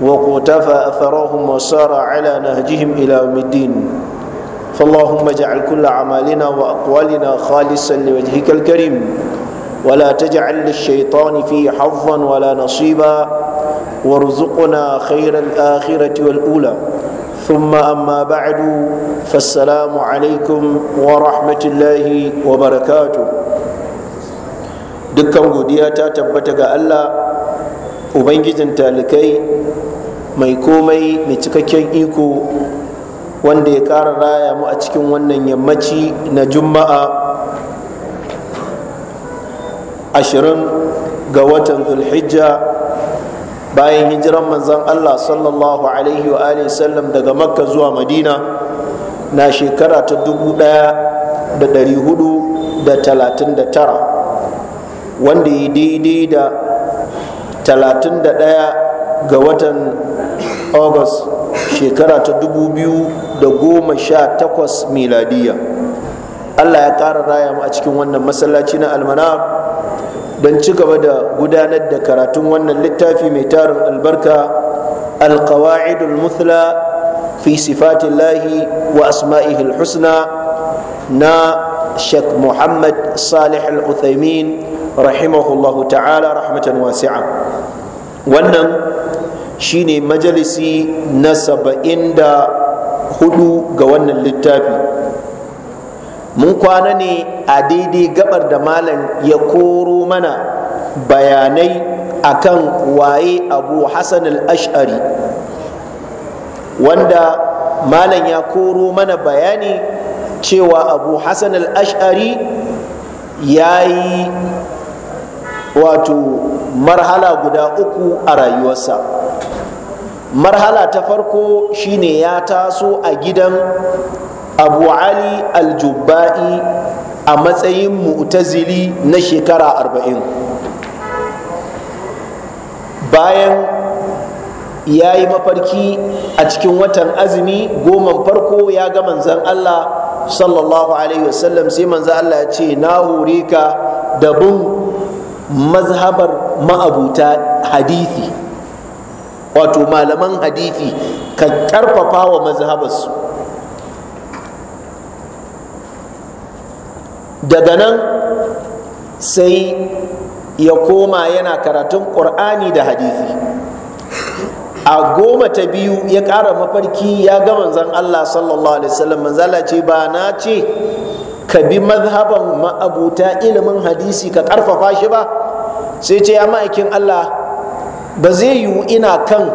وقتفى أثرهم وسار على نهجهم إلى يوم الدين فاللهم اجعل كل عمالنا وأقوالنا خالصا لوجهك الكريم ولا تجعل للشيطان فيه حظا ولا نصيبا وارزقنا خير الآخرة والأولى ثم أما بعد فالسلام عليكم ورحمة الله وبركاته دكم ودياتا تبتك ألا ubangijin talikai mai komai mai cikakken iko wanda ya kara raya mu a cikin wannan yammaci na juma'a ashirin ga watan zulhijja bayan hijiran manzan allah sallallahu alaihi wa sallam daga makka zuwa madina na shekara ta dubu ɗaya da da talatin wanda ya daidai da talatin ɗaya ga watan august shekara ta 2018 miladiya allah ya ƙara raya mu a cikin wannan masallaci na almanar don ci gaba da gudanar da karatun wannan littafi mai tarin albarka alkawa'idul muthla fi sifatillahi wa asma'ihil husna na shek muhammad salih al-uthaymin rahimahullahu ta'ala rahmatan wasi'a wannan shine majalisi na saba'in da hudu ga wannan littafi mun kwana ne a daidai gabar da malam ya koro mana bayanai akan waye abu hassan al-ash'ari wanda malam ya koro mana bayani cewa abu hassan al-ash'ari ya yi wato marhala guda uku a rayuwarsa marhala ta farko shine ya taso a gidan abu ali aljubba'i a matsayin mu'tazili na shekara arba'in bayan ya yi mafarki a cikin watan azumi goman farko ya ga manzan allah sallallahu alaihi wasallam sai manzan allah ya ce na hore ka da bin mazhabar ma'abuta hadithi wato malaman hadithi ka karfafa wa mazhabarsu daga nan sai ya koma yana karatun ƙur'ani da hadithi a goma ta biyu ya ƙara mafarki ya ga manzan Allah sallallahu alaihi wasallam manzala ce ba na ce ka bi mazhaban ma'abuta ilimin hadisi ka ƙarfafa shi ba sai ce ya ma'aikin Allah ba zai yiwu ina kan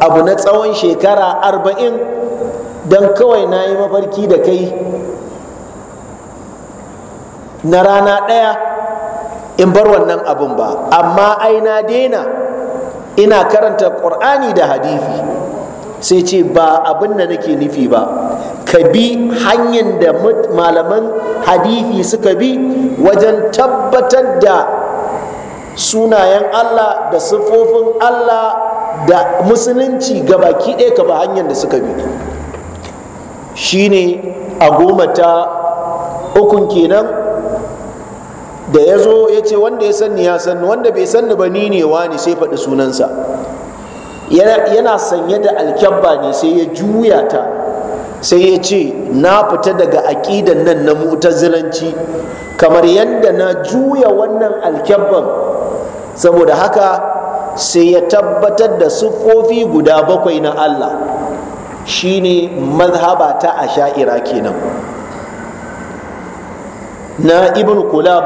abu na tsawon shekara arba'in don kawai na yi mafarki da kai na rana ɗaya in bar wannan abin ba amma ai na daina ina karanta ƙur'ani da hadithi sai ce ba abin da nake nufi ba ka bi hanyar da malaman hadithi suka bi wajen tabbatar da sunayen Allah da siffofin Allah da musulunci ga baki ɗaya ka ba hanyar da suka bi Shi ne a goma ta ukun kenan da ya zo ya ce wanda ya sanni ya sanni wanda bai sanni ba ni ne ne sai faɗi sunansa yana sanye da alkyabba ne sai ya juya ta sai ya ce na fita daga aƙidan nan na mutazilanci kamar yadda na juya wannan alkyabban saboda haka sai ya tabbatar da siffofi guda bakwai na Allah shine mazhaba ta a sha'ira kenan na ibn kulab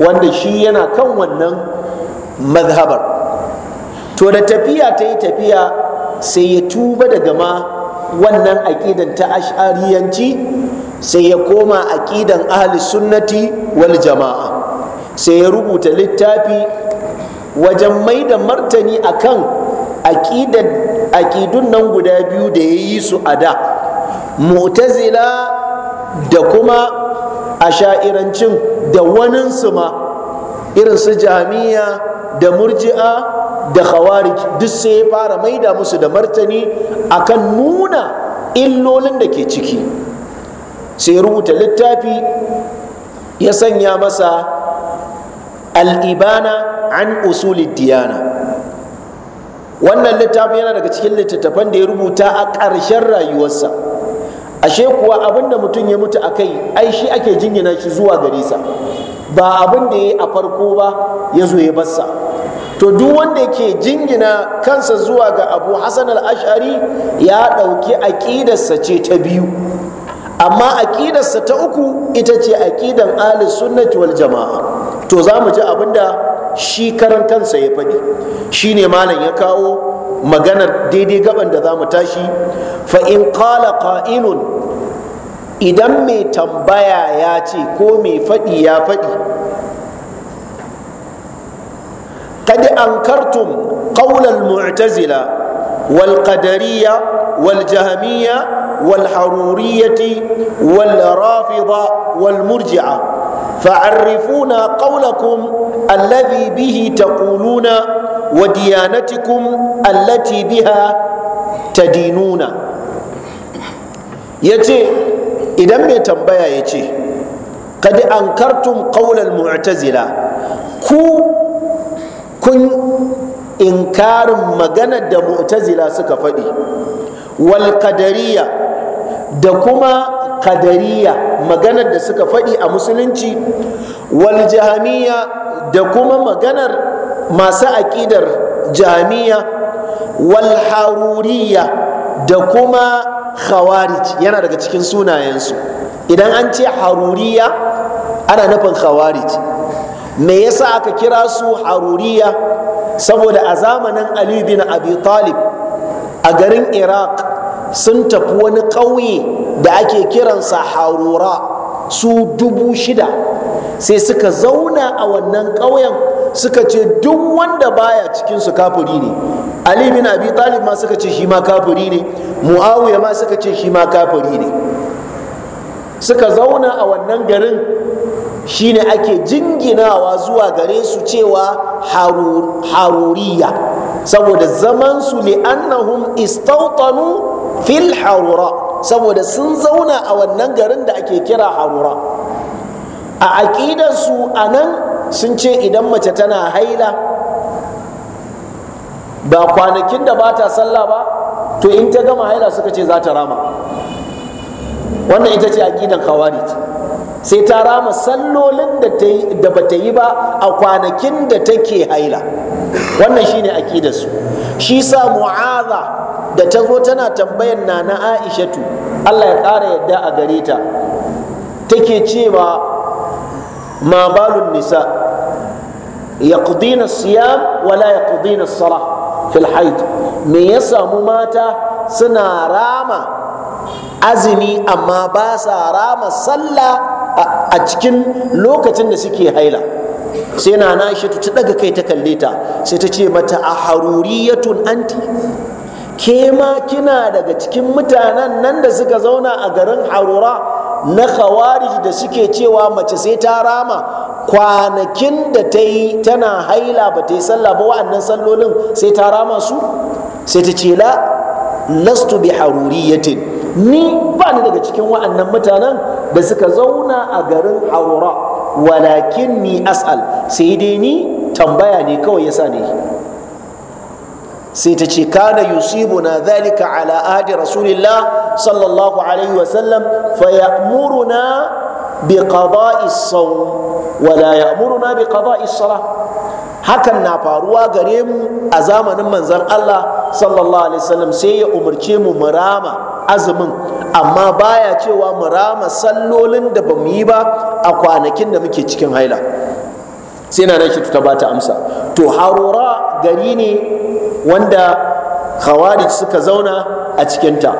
wanda shi yana kan wannan mazhabar to da tafiya ta yi tafiya sai ya tuba daga ma wannan aƙidan ta ash'ariyanci sai ya koma aƙidan ahli sunnati wal jama'a sai ya rubuta littafi wajen mai da martani a akan aƙidun nan guda biyu da ya yi su a da mu'tazila da kuma a asha'irancin da waninsu ma irin su jami'a da murji'a da khawarij duk sai ya fara maida musu da martani akan nuna illolin da ke ciki sai rubuta littafi ya sanya masa al'ibana an usulid diyana wannan littafin yana daga cikin littattafan da ya rubuta a ƙarshen rayuwarsa ashe kuwa abin da mutum ya mutu a kai ai shi ake jingina shi zuwa gare sa ba abin da ya a farko ba ya zo ya bassa to duk wanda ke jingina kansa zuwa ga abu hassan al-ash'ari ya ɗauki aƙidarsa ce ta biyu amma aƙidarsa ta uku ita ce aƙidan Ali sunnati wal jama'a to za mu ji abinda shi karan kansa ya faɗi shi ne malam ya kawo maganar daidai gaban da za mu tashi fa in qala qa'ilun idan mai tambaya ya ce ko mai faɗi ya faɗi قد أنكرتم قول المعتزلة والقدرية والجهمية والحرورية والرافضة والمرجعة فعرفونا قولكم الذي به تقولون وديانتكم التي بها تدينون يجي إذا ما تنبيا يجي قد أنكرتم قول المعتزلة ku kun inkarin maganar da mu'tazila suka faɗi wal kadariya da kuma kadariya maganar da suka faɗi a musulunci wal jahamiya da kuma maganar masu aƙidar jahamiya wal haruriya da kuma khawarij yana daga cikin sunayensu idan an ce haruriya ana nufin khawarij me yasa aka kira su haruriya saboda a zamanin ali bin abi talib a garin iraq sun tafi wani ƙauye da ake kiransa harura su dubu shida sai suka zauna a wannan ƙauyen suka ce duk wanda baya cikinsu kafuri ne ali bin abi talib ma suka ce shi ma kafuri ne muawiya ma suka ce shi ma kafuri ne suka zauna a wannan garin shine ake jinginawa zuwa gare su cewa haruriya saboda zamansu annahum istautanu fil harura saboda sun zauna a wannan garin da ake kira harura a aƙidarsu a nan sun ce idan mace tana haila ba kwanakin da ba ta sallah ba to in ta gama haila suka ce za ta rama wannan ita ce aƙidar khawarij sai ta rama sallolin da ba ta yi ba a kwanakin da take haila wannan shine aqidarsu shi sa mu'aza da ta zo tana tambayan na aishatu Allah ya ƙara yadda a gare ta take cewa ma balun nisa yaqdina siyam wala yaqdina salah fil haid me ya samu mata suna rama azumi amma ba sa rama sallah a cikin lokacin da suke haila sai na na shi ta daga kai ta kalle ta sai ta ce mata a haruriyatun anti ke ma kina daga cikin mutanen nan da suka zauna a garin harura na khawarij da suke cewa mace sai ta rama kwanakin da ta yi tana haila ba ta yi sallah ba wa'annan sallolin sai ta rama su sai ta ce la lastu bi haruriyatin ni ba ni daga cikin wa'annan mutanen da suka zauna a garin haura walakin ni as'al sai dai ni tambaya ne kawai yasa ne sai ta ce kana na dhalika ala ahdi rasulillah sallallahu alaihi wasallam fa ya'muruna bi qada'i as-sawm wa la ya'muruna bi qada'i salah hakan na faruwa gare mu a zamanin manzon Allah sallallahu alaihi wasallam sai ya umarce mu murama azumin amma baya cewa mu rama sallolin da ba mu yi ba a kwanakin da muke cikin haila sai na shi ta bata amsa to harura gari ne wanda khawarij suka zauna a cikinta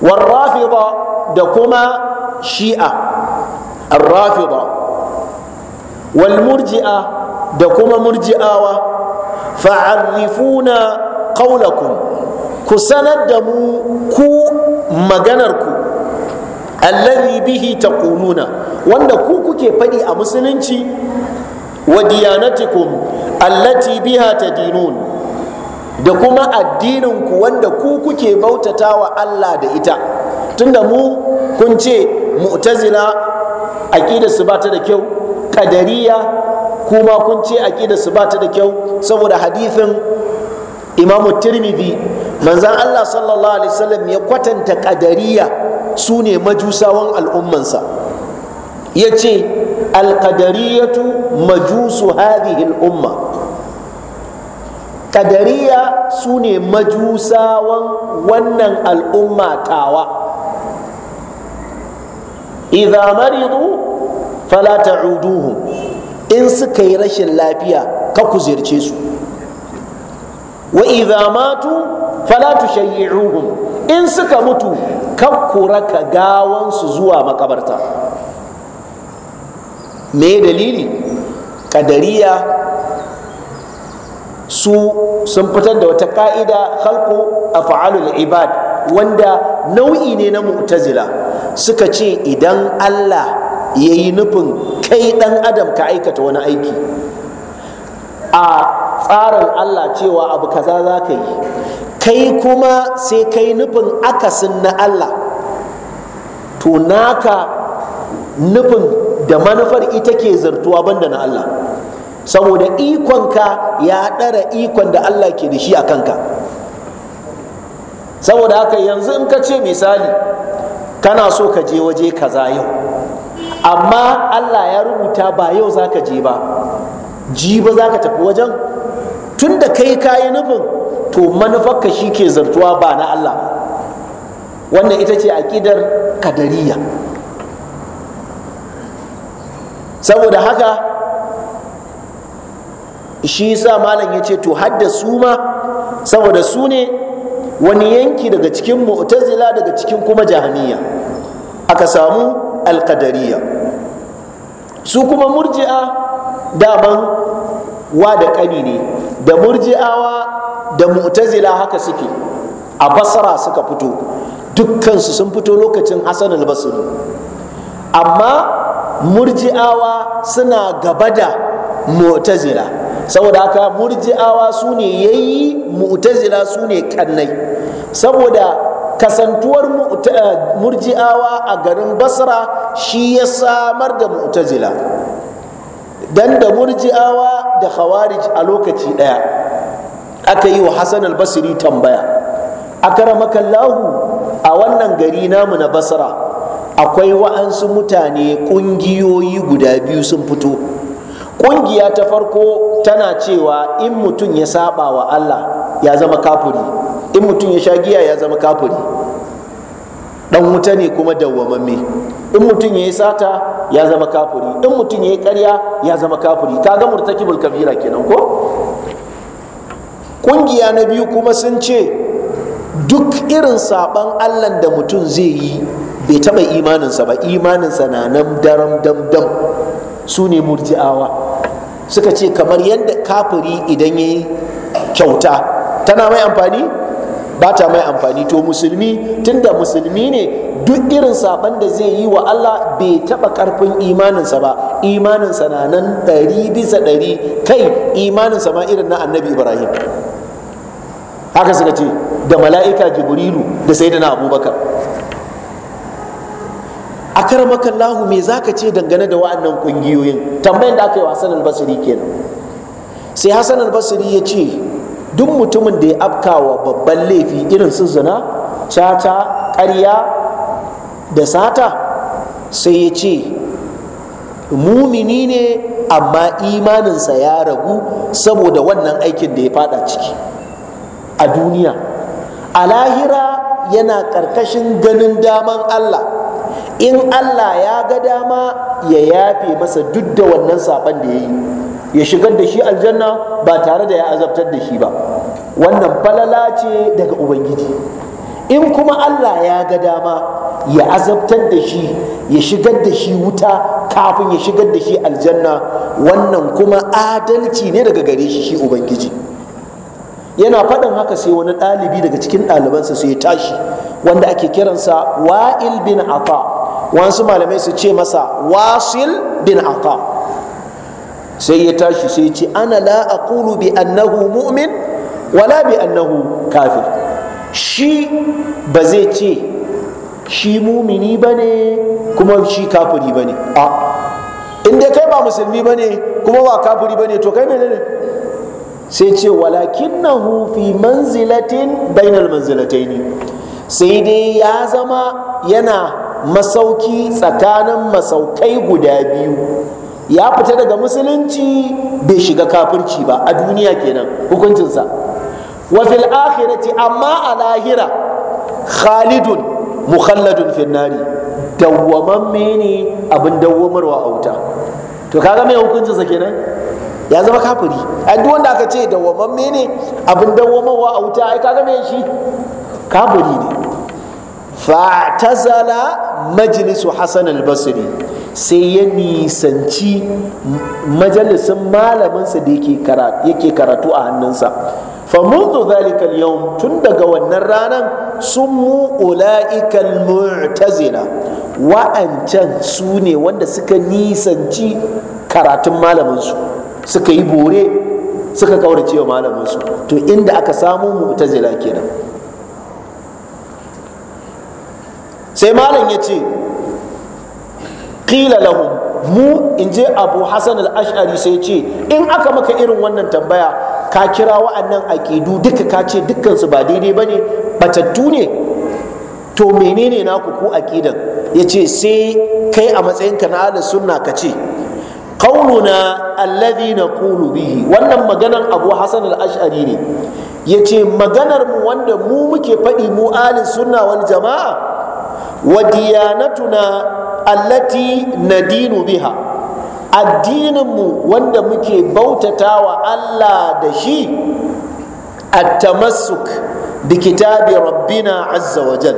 warrafida da kuma shi'a arrafida walmurji'a da kuma murji'awa fa'arrifuna qaulakum ku sanar da mu ku maganarku allazi bihi taquluna wanda ku kuke faɗi a musulunci wa diyanatikum allati biha tadinun da kuma addininku wanda ku kuke wa Allah da ita tunda mu kun ce mu'tazila aqidarsu su bata da kyau qadariya kuma kun ce aqidarsu su bata da kyau saboda hadithin imamu tirmidhi manzan Allah sallallahu alaihi wasallam ya kwatanta kadariya su ne majusawan al'ummansa ya ce alkadariyatu majusu hadhihi al'umma kadariya su ne majusawan wannan al'umma tawa idza maridu fala ta'uduhum in suka yi rashin lafiya ka ku ziyarce su wa idza matu fala shayi'uhum in suka mutu kakkura ka gawansu zuwa makabarta me dalili kadariya su sun fitar da wata ka'ida a af'alul ibad wanda nau'i ne na mu'tazila suka ce idan Allah ya yi nufin kai dan adam ka aikata wani aiki a tsarin Allah cewa abu kaza za ka yi kai kuma sai kai nufin akasin na Allah to naka nufin da manufar ita ke zartuwa banda na Allah saboda ikonka ya ɗara ikon da Allah ke da shi a kanka saboda haka yanzu in ka ce misali kana so ka je waje kaza yau amma Allah ya rubuta ba yau za ka je ba ji ba za ka tafi wajen tun da kai kayi nufin to manufarka shi ke zartuwa ba na Allah wannan ita ce aƙidar kadariya saboda haka shi sa malam ya ce to hadda su ma saboda su ne wani yanki daga cikin mu'tazila daga cikin kuma jahaniya aka samu alkadariya su kuma murji'a daman wa da ƙani ne da murji'awa da mu'tazila haka suke a basara suka fito dukkansu sun fito lokacin hassan albasiru amma murji'awa suna gaba da mu'tazila saboda haka murji'awa su ne ya yi mu'tazila su ne kannai saboda kasantuwar eh, murji'awa a garin basra shi ya samar da mu'tazila dan da murji'awa da khawarij a lokaci daya aka yi wa Hassan albasiri tambaya akaramaka lahu a wannan gari namu na Basra akwai wa'ansu mutane ƙungiyoyi guda biyu sun fito Ƙungiya ta farko tana cewa in mutum ya saba wa Allah ya zama kafuri in mutum ya sha giya ya zama kafuri dan wuta ne kuma dawwamamme in mutum ya yi sata ya zama kafuri in mutum ya yi karya ya zama kafuri Ka kaga murtakibul kabira kenan ko ƙungiya na biyu kuma sun ce duk irin saɓan allan da mutum zai yi bai taɓa imaninsa ba imaninsa na nan daram dam su ne murji'awa suka ce kamar yadda kafiri idan ya yi kyauta tana mai amfani ba ta mai amfani to musulmi tunda musulmi ne duk irin saɓan da zai yi wa Allah bai taɓa ƙarfin imaninsa ba imaninsa na nan ɗari bisa ɗari kai imaninsa ma irin na annabi ibrahim haka suka ce da mala'ika jibrilu da sai na abubakar a karamakan lahu me za ka ce dangane da wa'annan kungiyoyin tambayin da aka yi wa hassan albasiri kenan sai hassan albasiri ya ce duk mutumin da ya afkawa babban laifi irin su zina caca karya da sata sai ya ce mumini ne amma imaninsa ya ragu saboda wannan aikin da ya fada ciki a duniya a lahira yana ƙarƙashin ganin daman Allah in Allah ya ga dama ya yafe masa duk da wannan saɓan da ya yi ya shigar da shi aljanna ba tare da ya azabtar da shi ba wannan falala ce daga ubangiji in kuma Allah ya ga dama ya azabtar da shi ya shigar da shi wuta kafin ya shigar da shi aljanna wannan kuma adalci ne daga gare shi shi ubangiji yana faɗin haka sai wani ɗalibi daga cikin ɗalibansa sai ya tashi wanda ake kiransa wa'il bin afa wasu malamai su ce masa wasil bin afa sai ya tashi sai ya ce ana la aqulu bi annahu mu'min wala bi annahu kafir shi ba zai ce shi mumini ba ne kuma shi kafiri ba ne a inda kai ba musulmi ba ne kuma ba kafiri ba ne to kai menene ne sai ce walakin na hufi manzilatin bainal ne sai dai ya zama yana masauki tsakanin masaukai guda biyu ya fita daga musulunci bai shiga kafirci ba a duniya kenan hukuncinsa wa fil akhirati amma a lahira khalidun mukhalladun finnari dawwamamme ne abin dawwamarwa a wuta to kaga mai hukuncinsa kenan ya zama kafiri a duk wanda aka ce dawwamamme ne abin dawwamawa a wuta ai kaga me shi kafiri ne tazala majlisu hasan al-basri sai ya nisanci majalisin malaminsa da yake karatu a hannunsa famundu zalika yau tun daga wannan ranar sun muula'ikan mu'tazila wa'ancan su ne wanda suka nisanci karatun malaminsu suka yi bore suka kaurace wa su to inda aka samu mu'tazila kenan sai malam ya ce qila lahu mu in je abu hasan al-ash'ari sai ce in aka maka irin wannan tambaya ka kira wa'annan aƙidu duka ka ce dukkansu ba daidai ba ne batattu ne to menene naku ku aƙidan ya ce sai kai a matsayinka na ahlus sunna ka ce qauluna na naqulu bihi wannan maganar Abu Hassan al-Ash'ari ne yace maganar mu wanda mu muke faɗi mu ahli sunna wal jama'a wa diyanatuna allati nadinu biha addinin mu wanda muke bautatawa Allah da shi at-tamassuk bi kitabi rabbina azza wa jal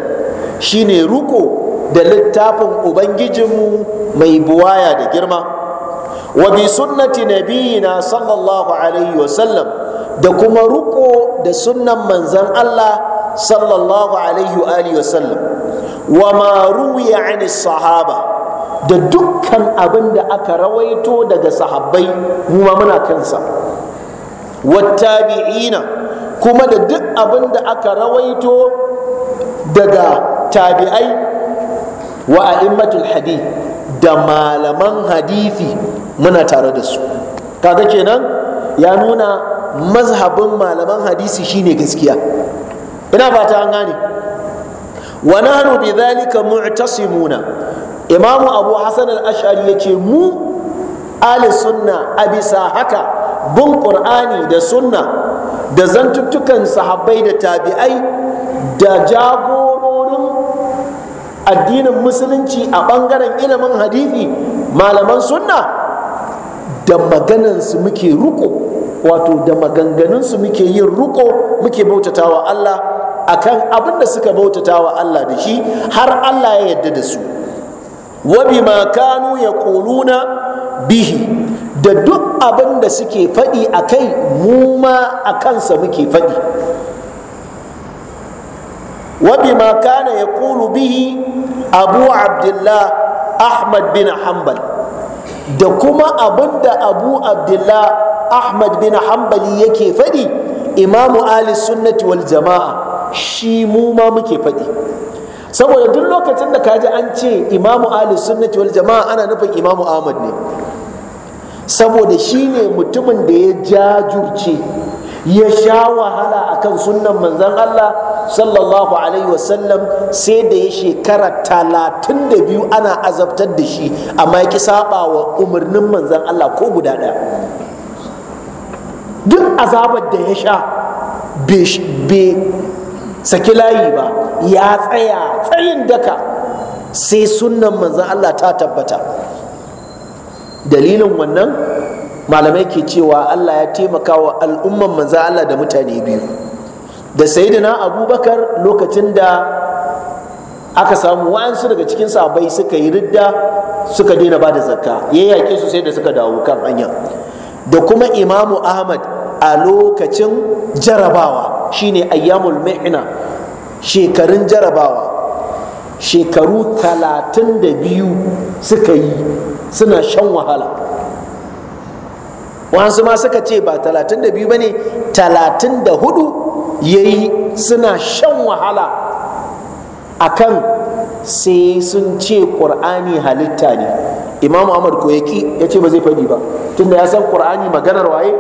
shine ruko da littafin ubangijinmu mai buwaya da girma wabi sunnati nabiyina sallallahu alaihi wasallam da kuma ruko da sunnan manzan Allah sallallahu alaihi wa alihi wasallam wa ma ruwiya an sahaba da dukkan abin da aka rawaito daga sahabbai mu ma muna kansa tabi'ina kuma da duk abin da aka rawaito daga tabi'ai wa a'immatul hadith da malaman hadithi muna tare da su kaga kenan ya nuna mazhabin malaman hadisi shine gaskiya ina fata an gane wa nahnu bidhalika mu'tasimuna imamu abu hasan al-ash'ari yace mu ahli sunna abisa haka bin qur'ani da sunna da zantuttukan sahabbai da tabi'ai da jagororin addinin musulunci a bangaren ilimin hadisi malaman sunna da maganansu muke ruko wato da maganganunsu muke yin ruko muke bautata wa Allah akan abin da suka wa Allah da shi har Allah ya yarda da su wa ya kanu na bihi da duk abin da suke faɗi a kai mu ma a kansa muke faɗi wa bima kana yaqulu bihi abu abdullah ahmad bin hanbal da kuma abin da abu abdullah ahmad bin Hanbali yake faɗi imamu ali sunnati wal jama'a shi mu ma muke faɗi saboda duk lokacin da kaji an ce imamu ali sunnati wal jama'a ana nufin imamu ahmad ne saboda shi ne mutumin da ya jajurce ya sha wahala akan sunnan manzan allah sallallahu alaihi wasallam sai da ya shekara talatin da biyu ana azabtar da shi amma ya ki saba wa umarnin manzan Allah ko guda ɗaya duk azabar da ya sha bai saki layi ba ya tsaya tsayin daka sai sunan manzan Allah ta tabbata dalilin wannan malamai ke cewa Allah ya taimaka wa al'umman manzan Allah da mutane biyu da sayyidina abubakar lokacin da aka samu wa'ansu daga cikin sabai suka yi ridda suka daina ba da zakka ya yaƙe su sai da suka dawo kan hanya da kuma imamu ahmad a lokacin jarabawa shine ayyamul mi'na shekarun jarabawa shekaru talatin da biyu suka yi suna shan wahala wasu ma suka ce ba talatin da biyu ba ne talatin da hudu ya yi suna shan wahala akan sai sun ce ƙur'ani halitta ne imam ahmad ko yaki ya ce ba zai faɗi ba tunda ya san ƙur'ani maganar waye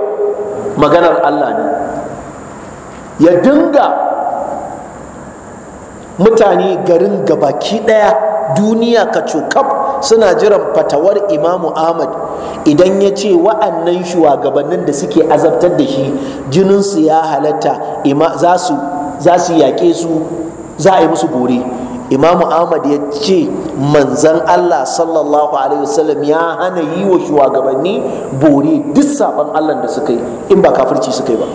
maganar allah ne ya dinga mutane garin gabaki ɗaya duniya ka cokab suna jiran fatawar imamu ahmad idan ya ce wa'annan shugabannin da suke azabtar da shi jininsu ya halatta za su yaƙe su za a yi musu bore imamu ahmad ya ce manzan allah sallallahu alaihi wasallam ya hana yi wa shugabanni bore duk saban allah da suka yi in ba kafirci suka yi ba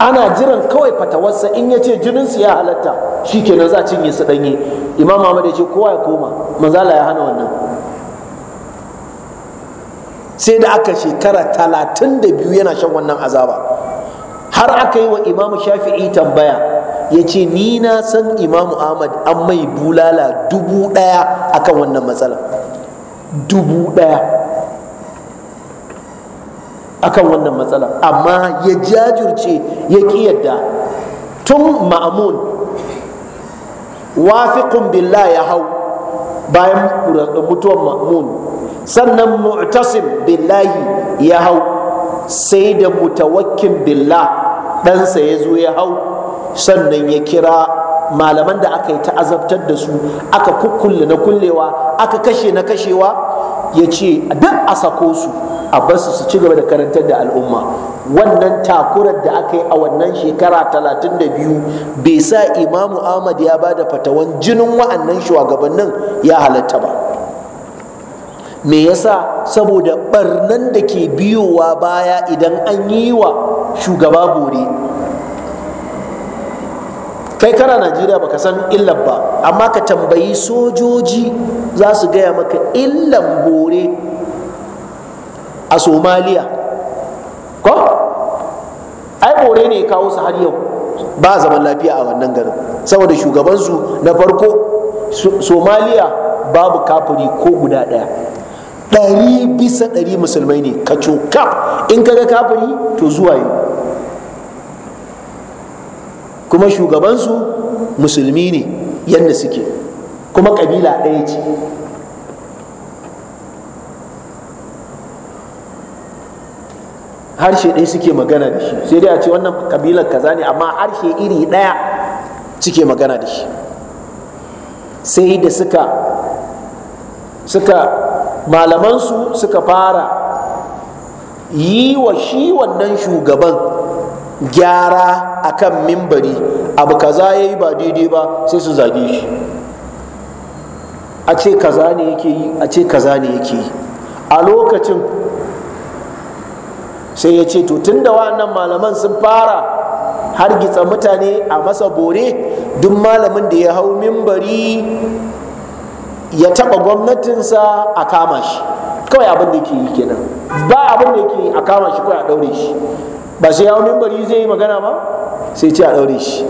ana jiran kawai fatawarsa in ya ce jininsu ya halatta shi kenan za cinye su ɗanye imam ahmad ya ce kowa ya koma manzala ya hana wannan sai da aka shekara talatin da biyu yana shan wannan azaba har aka yi wa imamu shafi'i tambaya ya ce ni na san imamu ahmad an mai bulala dubu ɗaya akan wannan matsala dubu ɗaya akan wannan matsala amma ya jajirce ya ƙi yadda tun ma'amun wafiqun billah ya hau bayan mutuwan ma'amun sannan mu'tasim billahi ya hau sai da mutawakkin billah ɗansa ya zo ya hau sannan ya kira malaman da aka yi ta'azabtar da su aka kukkulle na kullewa aka kashe na kashewa ya ce duk a sako su a basu su ci gaba da karantar da al'umma wannan takurar da aka yi a wannan shekara 32 bai sa imamu ahmad ya ba da fatawan jinin wa'annan shugabannin ya halatta ba me yasa saboda barnan da ke biyowa baya idan an yi wa shugaba bore kai kara najeriya baka san illar ba amma ka tambayi sojoji za su gaya maka illan bore a somaliya ko ai bore ne kawo su har yau ba zaman lafiya a wannan garin saboda shugabansu na farko somaliya babu kafiri ko guda ɗaya ɗari bisa ɗari musulmai ne ka cokaf in kaga kafiri to zuwa yau kuma shugabansu musulmi ne yadda suke kuma ƙabila ɗaya ce harshe ɗaya suke magana da shi sai dai a ce wannan kabilar kaza ne amma harshe iri ɗaya suke magana da shi sai da suka suka su suka fara yi wa shi wannan shugaban gyara akan mimbari abu kaza ya yi ba daidai ba sai su zage shi a ce kaza ne yake yi a ce kaza ne yake yi a lokacin sai ya ce to da wa'annan malaman sun fara hargitsa mutane a masa bore duk malamin da ya hau mimbari ya taba gwamnatinsa a kama shi kawai abin da ke yi kenan ba abin da yi a kama shi kawai a daure shi ba sai ya hau mimbari zai yi magana ba sai ce a daure shi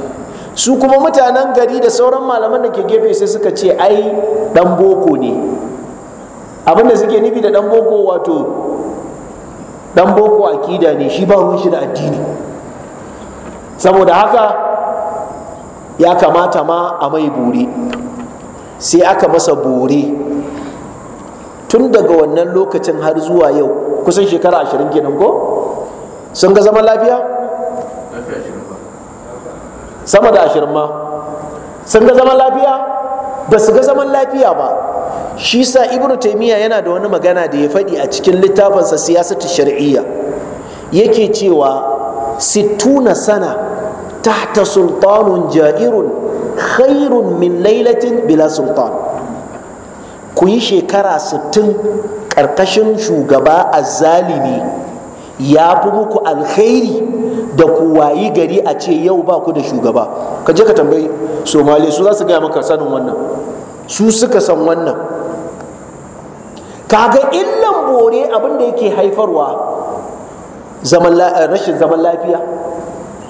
su kuma mutanen gari da sauran malaman da ke gefe sai suka ce ai dan boko ne abin da suke nufi da dan boko wato dan boko akida ne shi ba ruwan shi da addini saboda haka ya kamata ma a mai bore sai aka masa bore tun daga wannan lokacin har zuwa yau kusan shekara ashirin kenan ko sun ga zaman lafiya sama da ashirin ma sun ga zaman lafiya ba su ga zaman lafiya ba shi sa ibnu taimiyya yana da wani magana da ya faɗi a cikin littafinsa siyasatu shari'iyya yake cewa sittuna sana tahta sultanun ja'irun khairun min lailatin bila sultan ku yi shekara sittin ƙarƙashin shugaba a zalimi ya fi muku alkhairi da ku wayi gari a ce yau ba ku da shugaba ka je ka tambayi somali su za su gaya maka sanin wannan su suka san wannan kaga illan bore abin da yake haifarwa eh, rashin zaman lafiya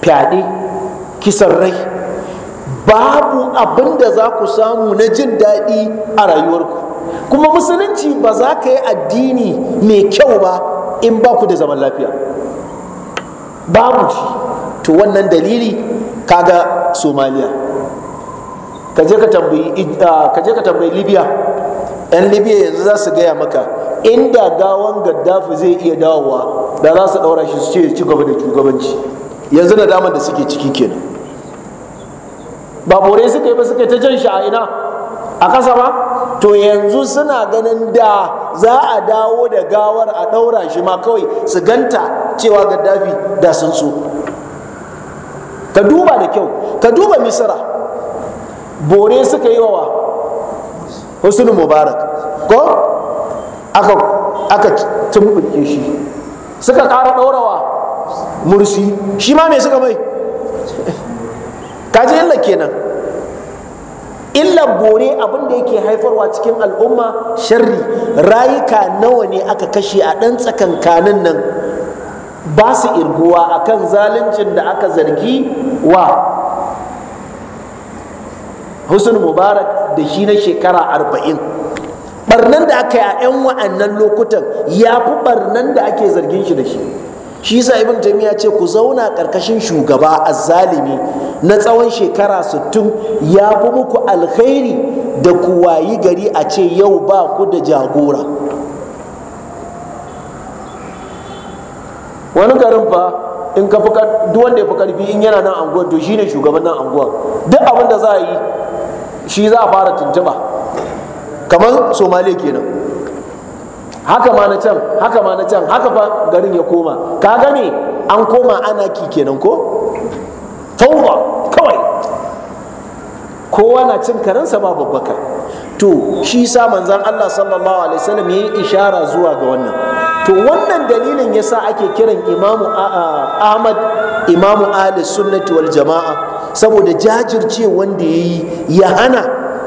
fyaɗe kisan rai babu abin da za ku samu na jin daɗi a rayuwarku kuma musulunci ba za ka yi addini mai kyau ba in ba ku da zaman lafiya babu shi to wannan dalili kaga somaliya ka je ka tambayi eh, libya 'yan libya yanzu za su gaya maka inda gawan gaddafi zai iya dawowa da za su ɗaura shi su ce ci gaba da shugabanci yanzu na damar da suke ciki kenan ba bore suka yi ba suka ta jan shi a ina a ƙasa ba to yanzu suna ganin da za a dawo da gawar a ɗaura shi ma kawai su ganta cewa gaddafi da sun so ka duba da kyau ka duba misira bore suka yi wa husnu mubarak ko aka aka tumbuke shi suka ƙara ɗaurawa mursi shi ma me suka mai kaji illa kenan illa bore abin da yake haifarwa cikin al'umma sharri rayuka nawa ne aka kashe a ɗan tsakankanin nan ba su irguwa akan zaluncin da aka zargi wa husn mubarak da shi na shekara arba'in barnan da aka yi a 'yan wa'annan lokutan ya fi barnan da ake zargin shi da shi shi yasa ibn taymiya ce ku zauna karkashin shugaba azzalimi na tsawon shekara sittin ya fi muku alkhairi da ku wayi gari a ce yau ba ku da jagora wani garin fa in ka fi duk ya fi karfi in yana nan anguwa to ne shugaban nan anguwa duk abin da za a yi shi za a fara tuntuba kamar somaliya kenan haka ma na can haka ma na can haka fa garin ya koma ka gane an koma ana ki kenan ko fauda kawai kowa na cin karansa ba babbaka to shi sa manzan Allah sallallahu alaihi wasallam yi ishara zuwa ga wannan to wannan dalilin yasa ake kiran imamu ahmad imamu ahli sunnati wal jama'a saboda jajirce wanda ya yi ya hana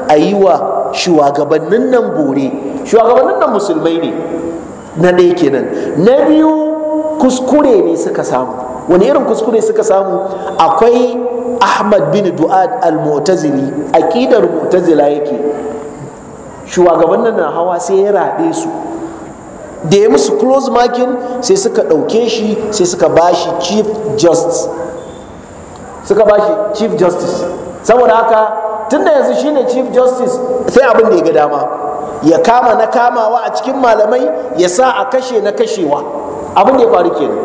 a yi wa shugabannin nan bore shugabannin nan musulmai ne na ɗaya kenan na biyu kuskure ne suka samu wani irin kuskure suka samu akwai ahmad bin du'ad al-mu'tazili aqidar mu'tazila yake shugabannin na hawa sai ya raɗe su da ya musu close marking sai suka ɗauke shi sai suka bashi chief justice suka ba shi chief justice saboda haka tunda yanzu shine chief justice sai abin da ya ga dama ya kama na kamawa a cikin malamai ya sa a kashe na kashewa abin da ya faru kenan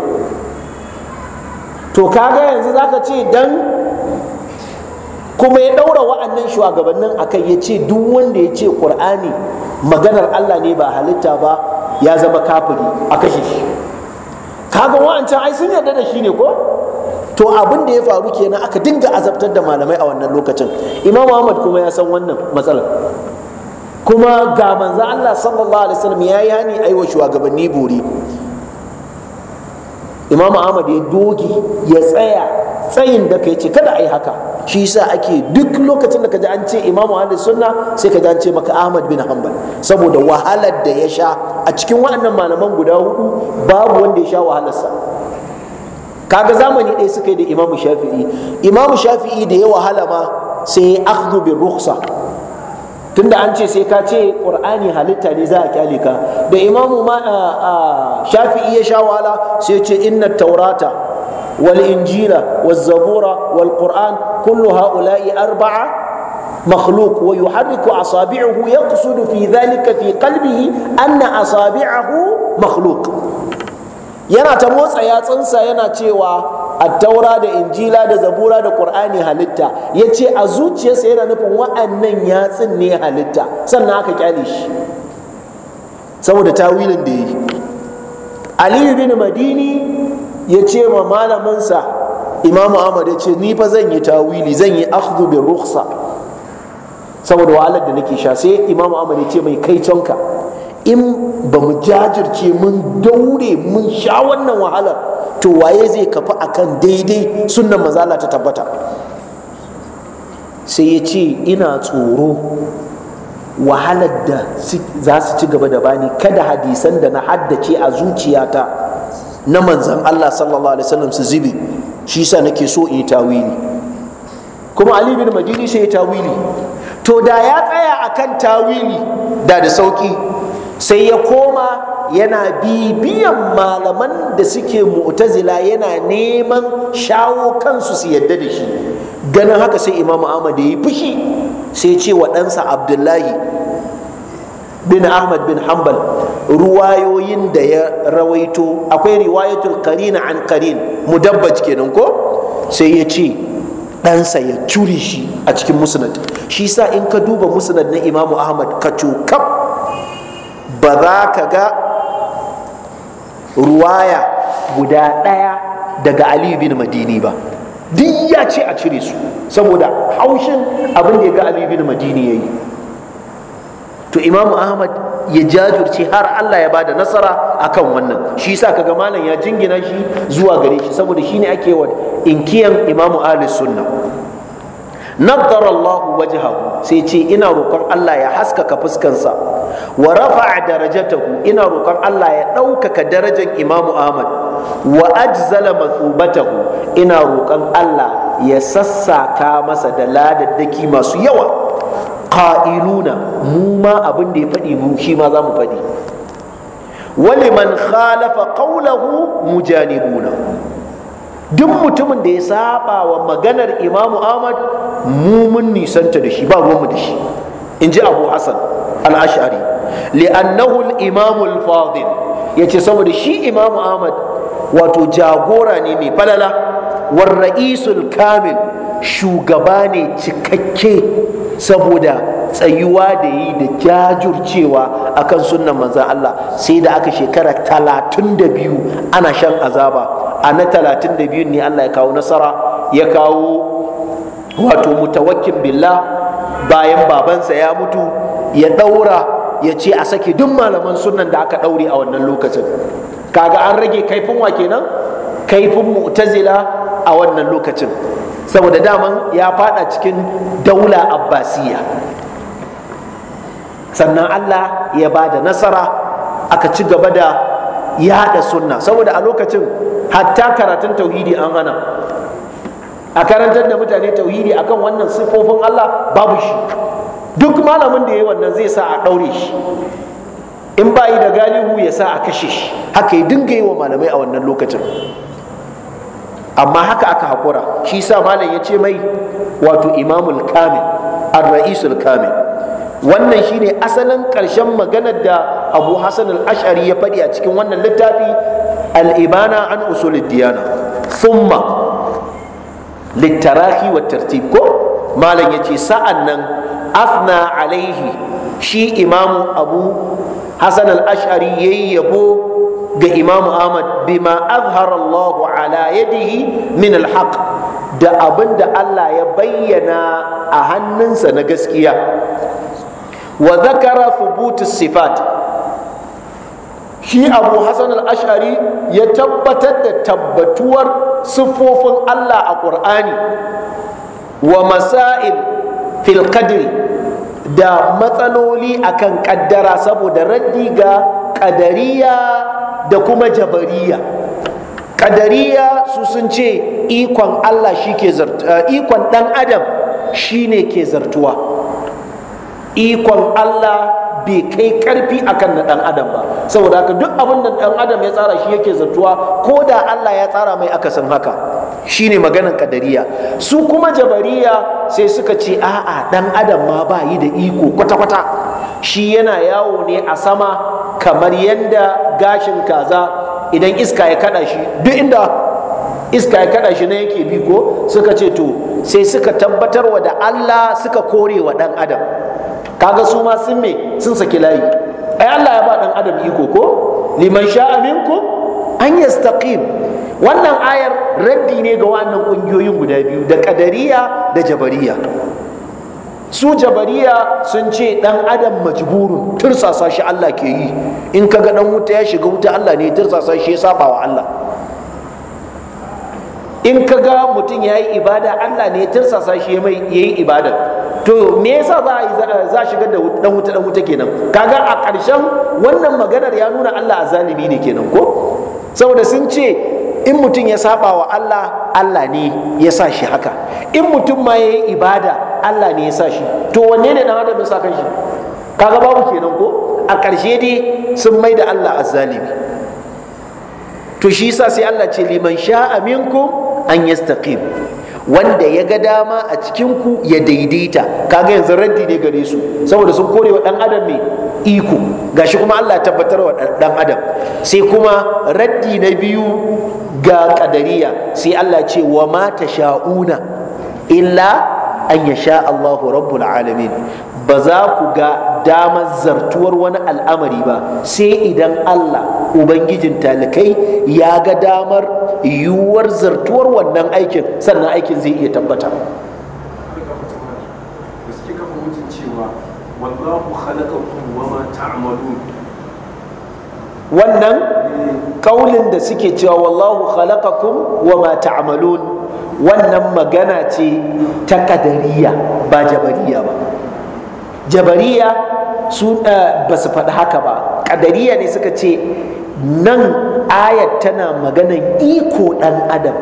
to kaga yanzu zaka ce dan kuma ya ɗaura wa'annan shugabannin a kai ya ce duk wanda ya ce ƙur'ani maganar allah ne ba halitta ba ya zama kafiri a kashe shi kaga wa'ancan ai sun yarda da shi ne ko to abin da ya faru kenan aka dinga azabtar da malamai a wannan lokacin imam ahmad kuma ya san wannan matsalar kuma ga manzo Allah sallallahu alaihi wasallam ya yi hani aiwa shugabanni buri imam ahmad ya doge ya tsaya tsayin da kai ce kada a yi haka shi yasa ake duk lokacin da ka ji an ce imamu ahli sunna sai ka an ce maka ahmad bin hanbal saboda wahalar da ya sha a cikin waɗannan malaman guda hudu babu wanda ya sha wahalarsa kaga zamani ɗaya suka yi da imamu shafi'i imamu shafi'i da ya wahala ma sai ya akhdhu bi rukhsa tunda an ce sai ka ce qur'ani halitta ne za a kyale ka da imamu ma shafi'i ya sha wahala sai ce inna taurata wal injila wal zabura wal qur'an kullu haula'i arba'a مخلوق ويحرك أصابعه يقصد في ذلك في قلبه أن أصابعه مخلوق yana ta motsa yatsunsa yana cewa a taura da injila da zabura da ƙur'ani halitta ya ce a zuciyarsa yana nufin wa'annan yatsun ne halitta sannan aka kyale shi saboda tawilin da yi aliyu bin madini ya ce ma malaminsa imamu ahmad ya ce ni fa zan yi tawili zan yi akhdhu bi ruksa? saboda wahalar da nake sha sai imamu ahmad ya ce mai kai canka in ba mu jajirce mun daure mun sha wannan wahalar to waye zai kafa akan daidai sunnan mazala ta tabbata sai ya ce ina tsoro wahalar da za su ci gaba da bani kada hadisan da na haddace a zuciyata na manzan Allah sallallahu alaihi wasallam su zibi shi sa nake so in yi tawili kuma Ali bin Madini sai ya tawili to da ya tsaya akan tawili da da sauki sai ya koma yana bibiyan malaman da suke mu'tazila yana neman shawo kansu su yadda da shi ganin haka sai imamu ahmad ya yi fushi sai ce wa ɗansa abdullahi bin ahmad bin Hambal, ruwayoyin da ya rawaito akwai riwayatul karina an karin mudabbaj kenan ko sai ya ce ɗansa ya cure shi a cikin musnad shi sa in ka duba musnad na imamu ahmad ka cokaf ba za ka ga ruwaya guda ɗaya daga aliyu bin madini ba duk ya ce a cire su saboda haushin abin da ya ga aliyu bin madini ya yi to imamu ahmad ya jajirce har allah ya ba da nasara a kan wannan shi sa kaga malam ya jingina shi zuwa gare shi saboda shi ne ake wa inkiyan imamu Ali sunna naddarallahu wajhahu sai ce ina roƙon Allah ya haskaka fuskansa wa rafa'a darajatahu ina roƙon Allah ya ɗaukaka darajar Imam Ahmad wa ajzala mathubatahu ina roƙon Allah ya sassaka masa da ladaddaki masu yawa qa'iluna mu ma abin da ya faɗi mu shi ma za mu faɗi waliman khalafa qawlahu mujanibuna duk mutumin da ya saba wa maganar imamu ahmad mu mun nisanta da shi ba ruwanmu da shi in ji abu hassan al-ash'ari li'annahu al-imamu al-fadil saboda shi imamu ahmad wato jagora ne mai falala war ra'isul kamil shugaba ne cikakke saboda tsayuwa da yi da jajurcewa akan sunnan manzan Allah sai da aka shekara talatin da biyu ana shan azaba a na talatin da biyun ne Allah ya kawo nasara ya kawo wato mutawakkin billah bayan babansa ya mutu ya daura ya ce a sake duk malaman sunan da aka daure a wannan lokacin kaga an rage kaifin wa kenan kaifin mu'tazila a wannan lokacin saboda daman ya fada cikin daula abbasiya sannan Allah ya ba da nasara aka ci gaba da yada sunna saboda a lokacin hatta karatun tauhidi an hana a karantar da mutane tauhidi akan wannan siffofin Allah babu shi duk malamin da ya yi wannan zai sa a ɗaure shi in ba yi da galihu ya sa a kashe shi haka ya dinga yi wa malamai a wannan lokacin amma haka aka haƙura shi sa malam ya ce mai wato imamul kamil ar-ra'isul kamil wannan shine asalin ƙarshen maganar da abu hassan al-ash'ari ya faɗi a cikin wannan littafi al'ibana an usulid diyana thumma littarahi wa tartib ko malam ce sa'an nan afna alaihi shi imamu abu hasan al-ash'ari yayi yabo ga imamu ahmad bima azhara Allah ala yadihi min al-haq da abinda Allah ya bayyana a hannunsa na gaskiya wa zakara thubutus sifat shi abu hassan al-ash'ari ya tabbatar da tabbatuwar siffofin allah a ƙur'ani wa masail fil da matsaloli akan ƙaddara saboda raddi ga ƙadariya da kuma jabariya ƙadariya su sun ce ikon allah shi ke eh, ikon ɗan adam shi ne ke zartuwa ikon allah bai kai karfi akan na ɗan adam ba saboda haka duk abin da dan adam ya tsara shi yake zartuwa ko da Allah ya tsara mai akasin haka shine maganin kadariya su kuma jabariya sai suka ce a'a ɗan adam ma ba yi da iko kwata kwata shi yana yawo ne a sama kamar yadda gashin kaza idan iska ya kada shi duk inda iska ya kada shi na yake bi ko suka ce to sai suka tabbatar wa da Allah suka kore wa dan adam kaga su ma sun me sun saki layi ai Allah ya ba dan adam iko ko liman sha'a minkum an yastaqim wannan ayar raddi ne ga wannan kungiyoyin guda biyu da Qadariya da jabariya su jabariya sun ce dan adam majburun tursasa shi Allah ke yi in kaga dan wuta ya shiga wuta Allah ne tursasa shi ya saba wa Allah in kaga mutum ya yi ibada Allah ne tursasa shi ya yi ibada to me yasa za a yi za shigar da dan wuta dan wuta kenan kaga a ƙarshen wannan maganar ya nuna Allah azalimi ne kenan ko saboda sun ce in mutum ya saba wa Allah Allah ne ya sa shi haka in mutum ma yayi ibada Allah ne ya sa shi to wanne ne dan adam ya sa shi kaga babu kenan ko a ƙarshe dai sun mai da Allah azalimi to shi yasa sai Allah ce liman sha'a minkum an yastaqim wanda ya ga dama a cikinku ya daidaita kaga yanzu raddi ne gare su saboda sun kore wa dan adam mai iko gashi kuma Allah tabbatar wa dan adam sai kuma raddi na biyu ga kadariya sai Allah ce wa ma sha'una illa an yasha Allahu rabbul alamin ba za ku ga damar zartuwar wani al'amari ba sai idan Allah ubangijin talikai ya ga damar yiwuwar zartuwar wannan aikin sannan aikin zai iya tabbata wannan eh. kaulin da suke cewa wallahu khalaqakum wa ma ta'malun wannan magana ce ta kadariya ba jabariya ba jabariya su eh, ba su faɗi haka ba ƙadariya ne suka ce nan ayat tana maganan iko ɗan adam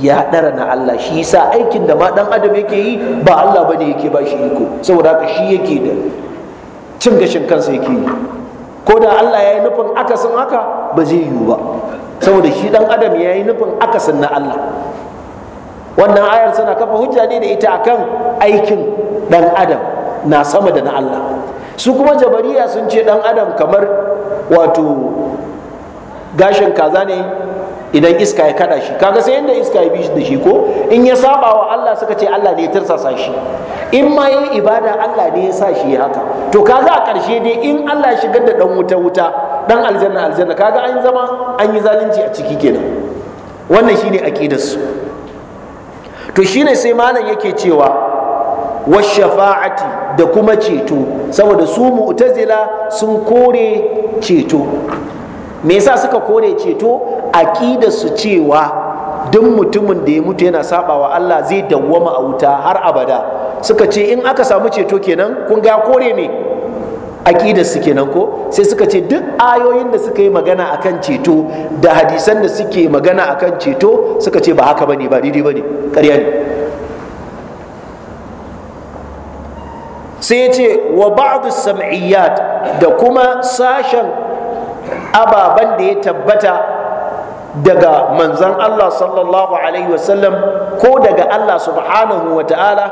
ya ɗara na Allah shi yasa aikin da ma ɗan adam yake yi ba Allah ne yake ba shi iko saboda haka shi yake da cin gashin kansa yake yi ko da Allah ya yi nufin akasin haka ba zai yiwu ba saboda shi ɗan adam ya yi nufin akasin na Allah wannan ayar suna kafa hujja ne da ita akan aikin ɗan adam na sama da na Allah su kuma jabariya sun ce dan adam kamar wato gashin kaza ne idan iska ya kada shi kaga sai yadda iska ya bi da shi ko in ya saba wa Allah suka ce Allah ne ya tirsasa shi in ma yi ibada Allah ne ya sa shi haka to kaga a ƙarshe dai in Allah ya shigar da dan wuta wuta dan aljanna aljanna kaga an zama an yi zalunci a ciki kenan wannan shine a su to shine sai malam yake cewa washafa'ati da kuma ceto saboda su mu'tazila sun kore ceto me yasa suka kore ceto aqida su cewa duk mutumin da ya mutu yana sabawa Allah zai dawwama a wuta har abada suka ce in aka samu ceto kenan kun ga kore ne aqidar su kenan ko sai suka ce duk ayoyin da suka yi magana akan ceto da hadisan da suke magana akan ceto suka ce ba haka bane ba daidai bane ƙarya ne sai ya ce wa ba'du sam'iyyat da kuma sashen ababen da ya tabbata daga manzan Allah sallallahu alaihi wasallam ko daga Allah subhanahu wa ta'ala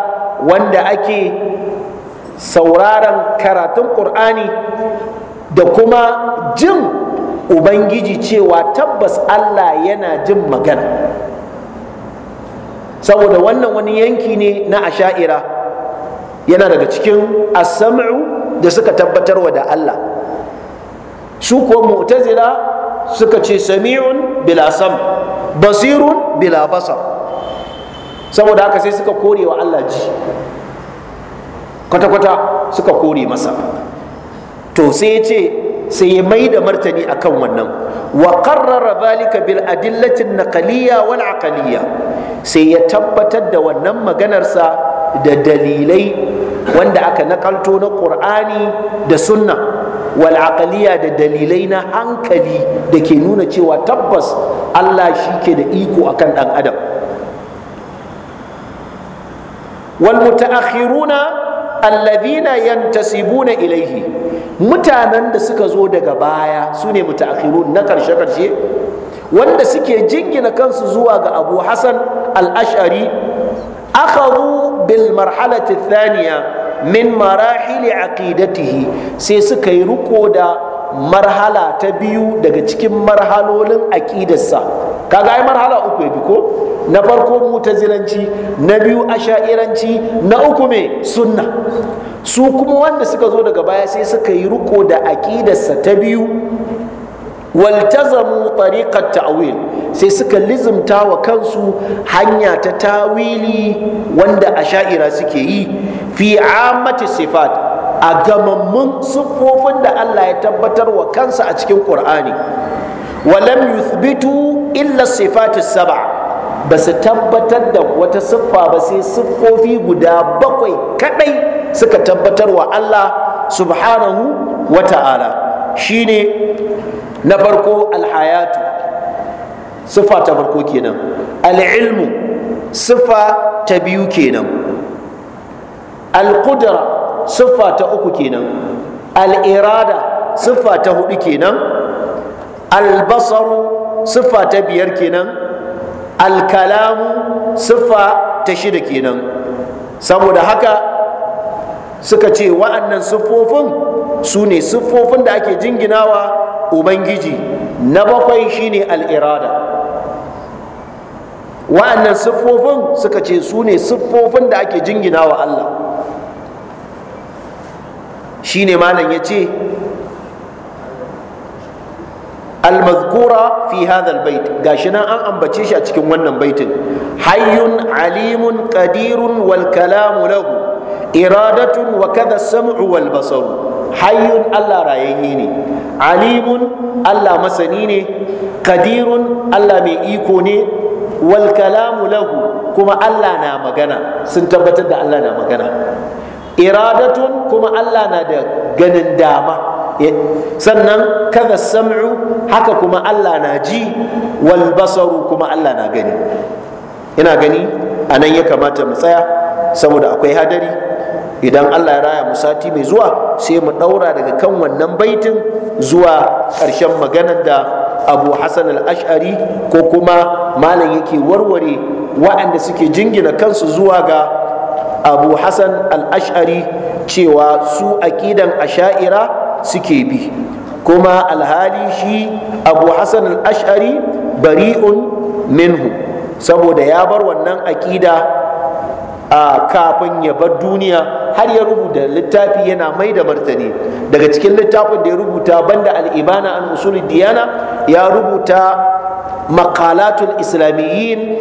wanda ake sauraron karatun ƙur'ani da kuma jin ubangiji cewa tabbas Allah yana jin magana saboda wannan wani yanki ne na asha'ira yana daga cikin asam'u da suka tabbatar wa da Allah su kuwa mu'tazila suka ce sami'un bila sam basirun bila basar saboda haka sai suka kore wa Allah ji kwata-kwata suka kore masa to sai ya ce sai ya mai da martani akan wannan wa qarrara zalika bil adillatin naqaliyya wal aqaliyya sai ya tabbatar da wannan maganarsa da dalilai wanda aka nakalto na ƙur'ani da sunna wal da dalilai na hankali da ke nuna cewa tabbas Allah shi ke da iko akan ɗan adam wal mutaakhiruna alladhina yantasibuna ilaihi mutanen da suka zo daga baya sune mutaakhirun na karshe karshe wanda suke jingina kansu zuwa ga Abu Hassan al-Ash'ari akhadhu بالمرحلة الثانية min marahili aqidatihi sai suka yi riko da marhala ta biyu daga cikin marhalolin aqidarsa kaga ai marhala uku ya ko na farko zinanci na biyu a asha'iranci na uku me sunna su kuma wanda suka zo daga baya sai suka yi riko da aqidarsa ta biyu waltazamu tariqat ta'wil sai suka lizimta wa kansu hanya ta tawili wanda asha'ira suke yi fi ammati sifat a gamammun siffofin da Allah ya tabbatar wa kansa a cikin Qur'ani walam yuthbitu illa sifatu saba ba su tabbatar da wata siffa ba sai siffofi guda bakwai kadai suka tabbatar wa Allah subhanahu wa ta'ala shine na farko alhayatu siffa ta farko kenan al'ilmu siffa ta biyu kenan alƙudura siffa ta uku kenan al'irada siffa ta hudu kenan albasaru siffa ta biyar kenan alkalamu siffa ta shida kenan saboda haka suka ce wa'annan siffofin su ne siffofin da ake jinginawa ubangiji na bakwai shine al’irada wa’annan siffofin suka ce su ne siffofin da ake jingina wa Allah shine malam ya ce Al-mazkura fi hadhal bait gashi nan an ambace shi a cikin wannan baitin hayyun alimun Kadirun wal kalamu lahu iradatun wa kadha as-sam'u wal basaru hayyun Allah rayayye ne alimun Allah masani ne kadirun Allah mai iko ne wal kalamu lahu kuma Allah na magana sun tabbatar da Allah na magana iradatun kuma Allah na da ganin dama eh, sannan kada sam'u haka kuma Allah na ji wal basaru kuma Allah na gani ina gani a nan ya kamata mu tsaya saboda akwai hadari idan Allah ya raya mu sati mai zuwa sai mu daura daga kan wannan baitin zuwa ƙarshen maganar da Abu Hassan al-Ash'ari ko kuma malam yake warware waɗanda suke jingina kansu zuwa ga Abu Hassan al-Ash'ari cewa su aqidan asha'ira suke bi kuma alhali shi Abu Hassan al-Ash'ari bari'un minhu saboda ya bar wannan aƙida kafin ya bar duniya har ya rubuta littafi yana mai da martani daga cikin littafin da ya rubuta banda al'ibana an usul diyana ya rubuta makalatul islamiyyin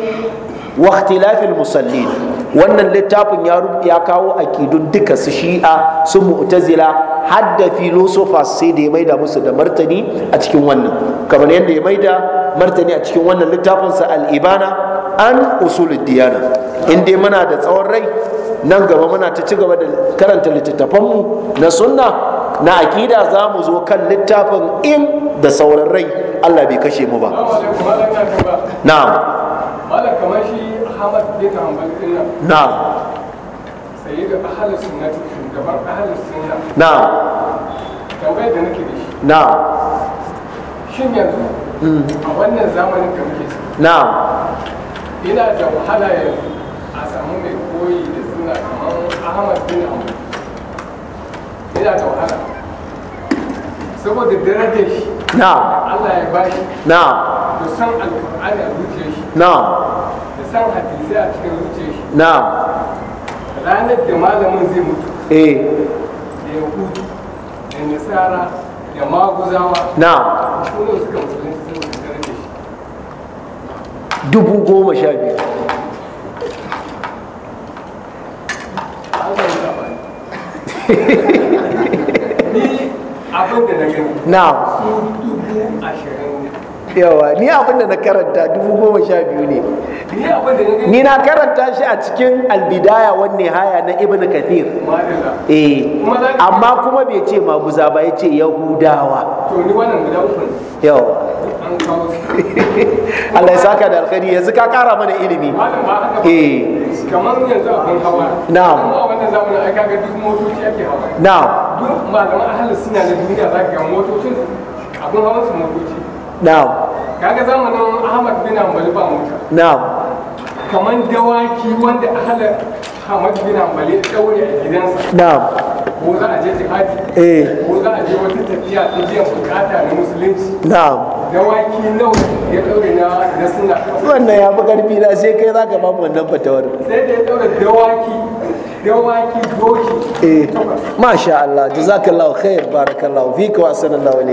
wa ikhtilafil musallin wannan littafin ya ya kawo akidun duka su shi'a su mu'tazila har da philosophers sai da ya maida musu da martani a cikin wannan kamar yadda ya maida martani a cikin wannan littafinsa al-ibana an usulud diyana in dai muna da tsawon rai nan gaba muna ta ci gaba da karanta littattafanmu na sunna na akida za mu zo kan littafin in da sauran rai allah bai kashe mu ba na na'am Na. tambayar da da shi shin yanzu mm. a wannan zamanin da muke na'am ina da wahala yanzu a samu mai koyi da suna kamar ahmad bin abu yana da wahala saboda darajar shi na allah ya bashi na da san alkur'ani a zuciyar shi na da san hadisai a cikin zuciyar shi na ranar da malamin zai mutu eh da ya yahudu da nasara da maguzawa na suka musulunci saboda darajar shi dubu goma sha biyu Now. yawa ni abin da na karanta dubu goma sha biyu ne ni na karanta shi a cikin albidaya wanne haya na ibn kathir eh amma kuma bai ce maguza ba ya ce yahudawa to ni wannan guda uku yawa Allah ya saka da alkhairi yanzu ka kara mana ilimi eh kamar yanzu a kan hawa na'am a wannan zamanin ai kaga duk motoci ake hawa na'am duk malaman ahalin suna da duniya za ga motocin abin hawa su motoci na'am kaga zamanin Ahmad bin Ambali ba mota na'am kamar dawaki wanda ahalin Ahmad bin Ambali ya daure a gidansa na'am ko za a je jihadi eh ko za a je wata tafiya ta biyan bukata na musulunci na'am dawaki nawa ya daure na na suna wannan ya fi karfi na sai kai ka ba mu wannan fatawar sai da ya daure dawaki dawaki doki eh masha Allah jazakallahu khair barakallahu fika wa sallallahu alaihi